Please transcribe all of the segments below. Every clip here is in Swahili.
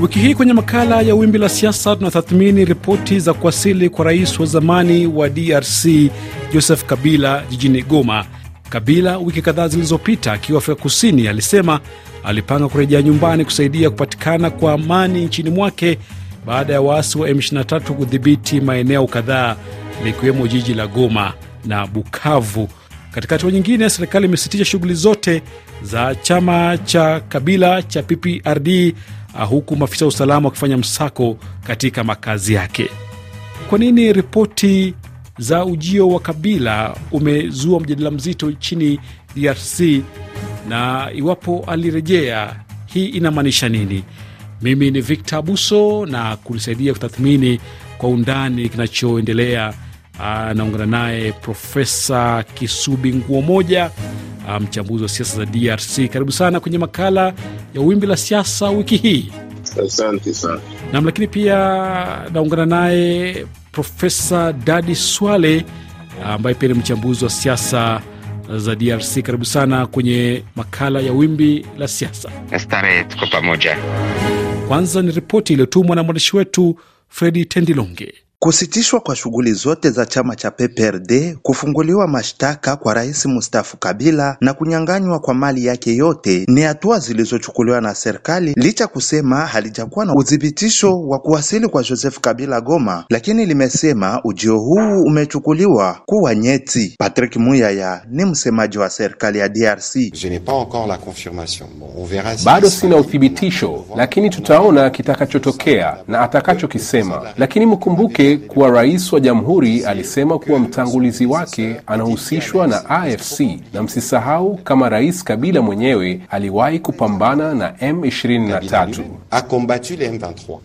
Wiki hii kwenye makala ya Wimbi la Siasa tunatathmini ripoti za kuwasili kwa rais wa zamani wa DRC Joseph Kabila jijini Goma. Kabila wiki kadhaa zilizopita akiwa Afrika Kusini alisema alipanga kurejea nyumbani kusaidia kupatikana kwa amani nchini mwake baada ya waasi wa M23 kudhibiti maeneo kadhaa likiwemo jiji la Goma na Bukavu. Katika hatua nyingine, serikali imesitisha shughuli zote za chama cha Kabila cha PPRD Ah, huku maafisa wa usalama wakifanya msako katika makazi yake. Kwa nini ripoti za ujio wa Kabila umezua mjadala mzito nchini DRC na iwapo alirejea, hii inamaanisha nini? Mimi ni Victor Abuso na kunisaidia kutathmini kwa undani kinachoendelea, anaungana ah, naye Profesa Kisubi Nguo Moja. Ah, mchambuzi wa siasa za DRC. Karibu sana kwenye makala ya Wimbi la Siasa wiki hii. Asante sana nam. Lakini pia naungana naye Profesa Dadi Swale ambaye pia ni mchambuzi wa siasa za DRC. Karibu sana kwenye makala ya Wimbi la Siasa. Starehe, tuko pamoja. Kwanza ni ripoti iliyotumwa na mwandishi wetu Fredi Tendilonge. Kusitishwa kwa shughuli zote za chama cha PPRD, kufunguliwa mashtaka kwa rais mustafu Kabila na kunyang'anywa kwa mali yake yote ni hatua zilizochukuliwa na serikali licha kusema halijakuwa na uthibitisho wa kuwasili kwa Joseph Kabila Goma, lakini limesema ujio huu umechukuliwa kuwa nyeti. Patrick Muyaya ni msemaji wa serikali ya DRC. Bado sina uthibitisho, lakini tutaona kitakachotokea na atakachokisema, lakini mkumbuke kuwa rais wa jamhuri alisema kuwa mtangulizi wake anahusishwa na AFC na msisahau kama Rais Kabila mwenyewe aliwahi kupambana na M23.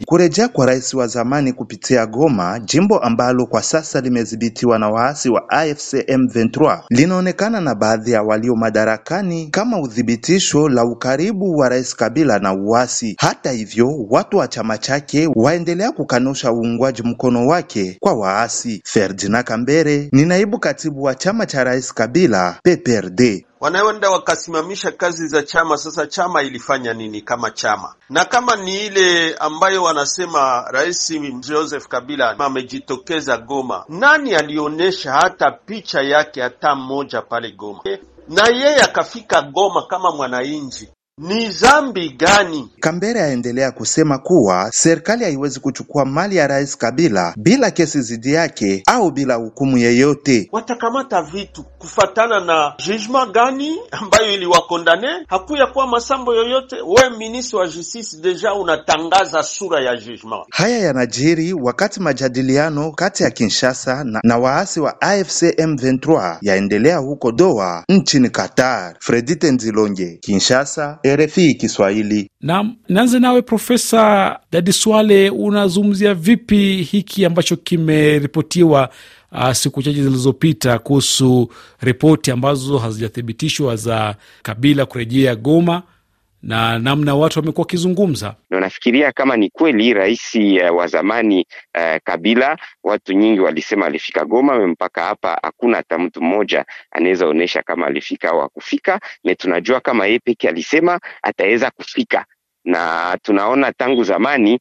Kurejea kwa rais wa zamani kupitia Goma, jimbo ambalo kwa sasa limedhibitiwa na waasi wa AFC M23, linaonekana na baadhi ya walio madarakani kama udhibitisho la ukaribu wa Rais Kabila na uasi. Hata hivyo, watu wa chama chake waendelea kukanusha uungwaji mkono wa wake kwa waasi. Ferdinand Kambere ni naibu katibu wa chama cha Rais Kabila PPRD wanaenda wakasimamisha kazi za chama. Sasa chama ilifanya nini kama chama? Na kama ni ile ambayo wanasema Rais Joseph Kabila amejitokeza Goma, nani alionyesha hata picha yake hata mmoja pale Goma? Na yeye akafika Goma kama mwananchi, ni zambi gani? Kambere aendelea kusema kuwa serikali haiwezi kuchukua mali ya Rais Kabila bila kesi dhidi yake au bila hukumu yeyote. Watakamata vitu kufatana na judgment gani ambayo iliwakondane? Hakuya kuwa masambo yoyote. We ministre wa justice deja unatangaza sura ya judgment. Haya yanajiri wakati majadiliano kati ya Kinshasa na, na waasi wa AFC M23 yaendelea huko Doha nchini Qatar. Fredite Nzilonge, Kinshasa. RFI Kiswahili. Naam, nianze nawe Profesa Dadi Swale, unazungumzia vipi hiki ambacho kimeripotiwa uh, siku chache zilizopita kuhusu ripoti ambazo hazijathibitishwa za Kabila kurejea Goma na namna watu wamekuwa wakizungumza. Ndio nafikiria kama ni kweli rais uh, wa zamani uh, Kabila, watu nyingi walisema alifika Goma, mpaka hapa hakuna hata mtu mmoja anaweza onyesha kama alifika au hakufika. Na tunajua kama yeye peke alisema ataweza kufika na tunaona tangu zamani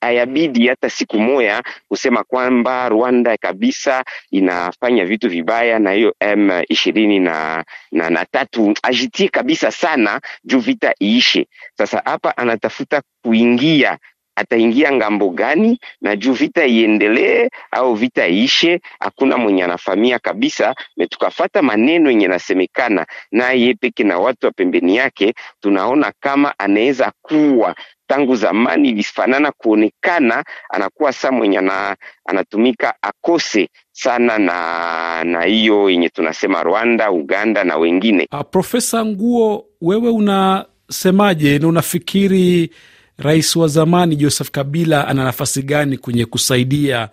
hayabidi hata siku moya kusema kwamba Rwanda kabisa inafanya vitu vibaya na hiyo M ishirini na, na, na tatu ajitie kabisa sana juu vita iishe. Sasa hapa anatafuta kuingia ataingia ngambo gani, na juu vita iendelee au vita iishe, hakuna mwenye anafamia kabisa. Metukafata maneno yenye nasemekana na yeye peke na watu wa pembeni yake, tunaona kama anaweza kuwa tangu zamani ilifanana kuonekana anakuwa saa mwenye ana, anatumika akose sana na na hiyo yenye tunasema Rwanda, Uganda na wengine. Ah, Profesa Nguo, wewe unasemaje na unafikiri rais wa zamani Joseph Kabila ana nafasi gani kwenye kusaidia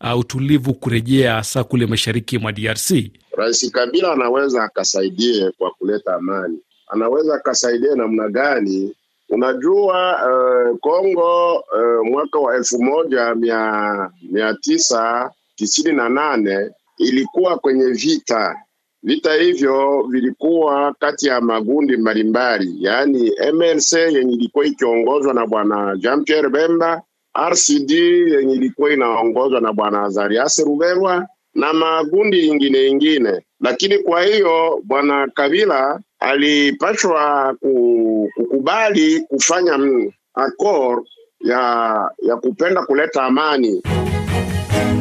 uh, utulivu kurejea hasa kule mashariki mwa DRC? Rais Kabila anaweza akasaidie kwa kuleta amani. Anaweza akasaidia namna gani? Unajua uh, Kongo uh, uh, mwaka wa elfu moja mia, mia tisa tisini na nane ilikuwa kwenye vita Vita hivyo vilikuwa kati ya magundi mbalimbali, yaani MLC yenye ilikuwa ikiongozwa na bwana Jean Pierre Bemba, RCD yenye ilikuwa inaongozwa na bwana Azarias Ruberwa na magundi ingine ingine. Lakini kwa hiyo bwana Kabila alipashwa kukubali kufanya akor ya, ya kupenda kuleta amani.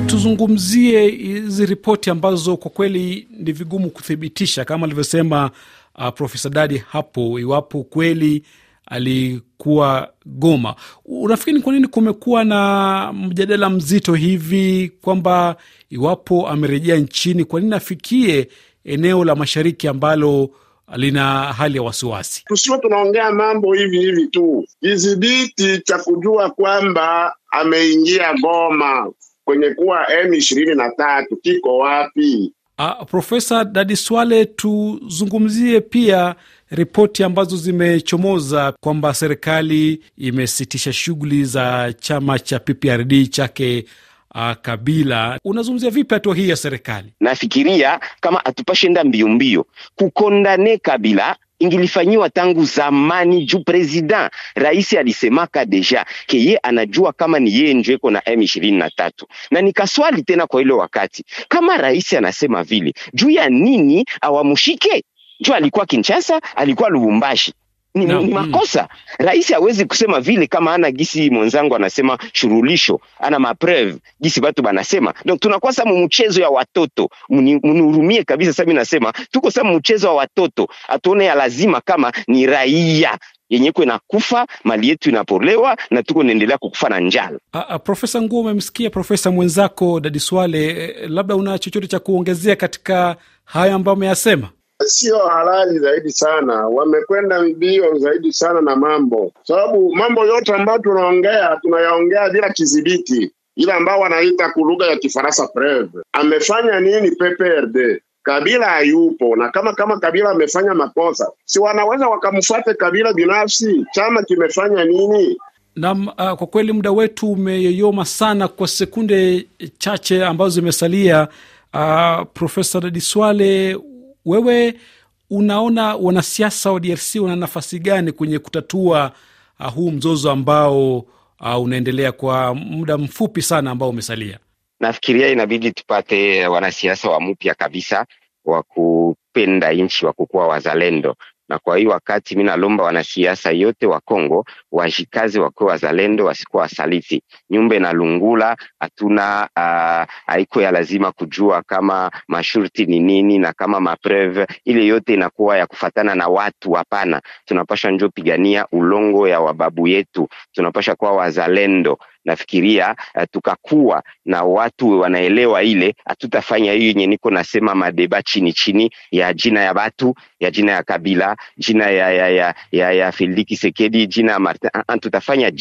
Tuzungumzie hizi ripoti ambazo kwa kweli ni vigumu kuthibitisha kama alivyosema uh, Profesa Dadi hapo, iwapo kweli alikuwa Goma. Unafikiri ni kwa nini kumekuwa na mjadala mzito hivi kwamba iwapo amerejea nchini, kwa nini afikie eneo la mashariki ambalo lina hali ya wasiwasi. Tusio tunaongea mambo hivi hivi tu, kizibiti cha kujua kwamba ameingia Goma kwenye kuwa M 23 kiko wapi? Uh, ah, Profesa Dadiswale, tuzungumzie pia ripoti ambazo zimechomoza kwamba serikali imesitisha shughuli za chama cha PPRD chake uh, Kabila. Unazungumzia vipi hatua hii ya serikali? Nafikiria kama atupashe enda mbio mbio kukondane Kabila ingilifanyiwa tangu zamani juu president rais alisemaka deja ke ye anajua kama ni yeye ndio iko na M23, na nikaswali tena kwa ile wakati, kama rais anasema vile, juu ya nini awamushike? Juu alikuwa Kinshasa, alikuwa Lubumbashi ni, no. ni makosa mm. Rais hawezi kusema vile kama ana gisi mwenzangu anasema shurulisho ana mapreve gisi batu banasema no, tunakuwa sa mchezo ya watoto mnihurumie kabisa. Sami nasema tuko sa mchezo wa watoto, atuone ya lazima kama ni raia yenye kwe nakufa mali yetu inapolewa na tuko naendelea kukufa na njala. Ah, ah, profesa Nguo, umemsikia profesa mwenzako Dadiswale, eh, labda una chochote cha kuongezea katika haya ambayo ameyasema? sio halali zaidi sana, wamekwenda mbio zaidi sana na mambo, sababu mambo yote ambayo tunaongea tunayaongea bila kizibiti, ile ambao wanaita kwa lugha ya Kifaransa preve. Amefanya nini PPRD? Kabila hayupo, na kama kama Kabila amefanya makosa, si wanaweza wakamfuate Kabila binafsi? Chama kimefanya nini? Naam, uh, kwa kweli muda wetu umeyoyoma sana. Kwa sekunde chache ambazo zimesalia, uh, Profesa Dadiswale wewe unaona wanasiasa wa DRC wana nafasi gani kwenye kutatua uh, huu mzozo ambao uh, unaendelea kwa muda mfupi sana ambao umesalia? Nafikiria inabidi tupate uh, wanasiasa wa mpya kabisa wa kupenda nchi, wa kukuwa wazalendo, na kwa hiyo wakati mi nalomba wanasiasa yote wa Kongo wajikazi, wakuwe wazalendo, wasikuwa wasaliti. Nyumba inalungula, hatuna ah, haiko ya lazima kujua kama mashurti ni nini na kama mapreve ile yote inakuwa ya kufatana na watu. Hapana, tunapasha njo pigania ulongo ya wababu yetu, tunapasha kuwa wazalendo nafikiria uh, eh, tukakuwa na watu wanaelewa ile, hatutafanya hiyo yenye niko nasema madeba chini chini ya jina ya watu ya jina ya kabila jina ya ya ya, ya, ya feliki sekedi jina ya Martin. uh, uh, tutafanya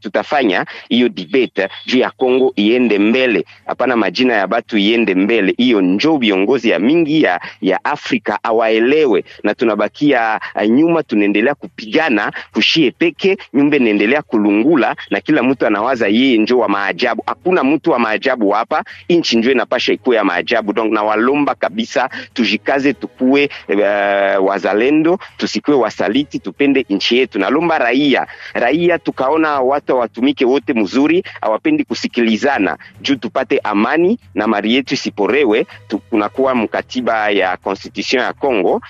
tutafanya hiyo debate juu ya Kongo iende mbele, hapana majina ya watu iende mbele. Hiyo njo viongozi ya mingi ya, ya Afrika awaelewe, na tunabakia eh, nyuma, tunaendelea kupigana kushie peke nyumba inaendelea kulungula na kila mtu nawaza yeye njo wa maajabu, hakuna mtu wa maajabu hapa, nchi njo inapasha ikuwe ya maajabu. Donc nawalomba kabisa tujikaze, tukuwe uh, eh, wazalendo, tusikuwe wasaliti, tupende nchi yetu. Nalomba raia raia, tukaona watu watumike wote mzuri, hawapendi kusikilizana juu tupate amani na mali yetu isiporewe. Kunakuwa mkatiba ya constitution ya Congo uh,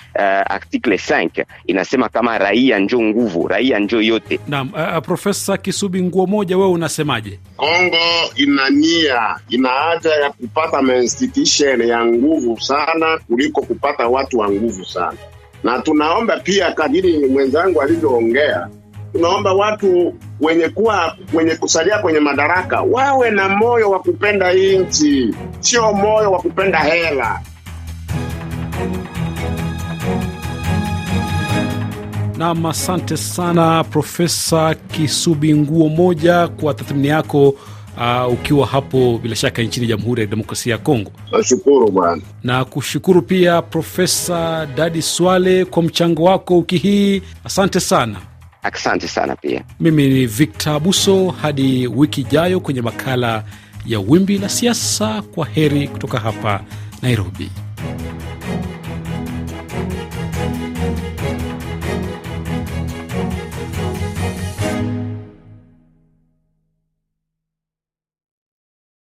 article 5 inasema kama raia njo nguvu, raia njo yote. Naam, uh, eh, Profesa Kisubi nguo moja wewe unasemaje? Kongo ina nia, ina haja ya kupata mainstitution ya nguvu sana kuliko kupata watu wa nguvu sana, na tunaomba pia, kadiri mwenzangu alivyoongea, tunaomba watu wenye kuwa wenye kusalia kwenye madaraka wawe na moyo wa kupenda nchi, sio moyo wa kupenda hela. Nam, asante sana Profesa Kisubi Nguo Moja kwa tathmini yako. Uh, ukiwa hapo bila shaka nchini Jamhuri ya Demokrasia ya Kongo. Nashukuru bwana na kushukuru pia Profesa Dadi Swale kwa mchango wako wiki hii, asante sana. Asante sana pia. Mimi ni Victor Buso, hadi wiki ijayo kwenye makala ya Wimbi la Siasa. Kwa heri kutoka hapa Nairobi.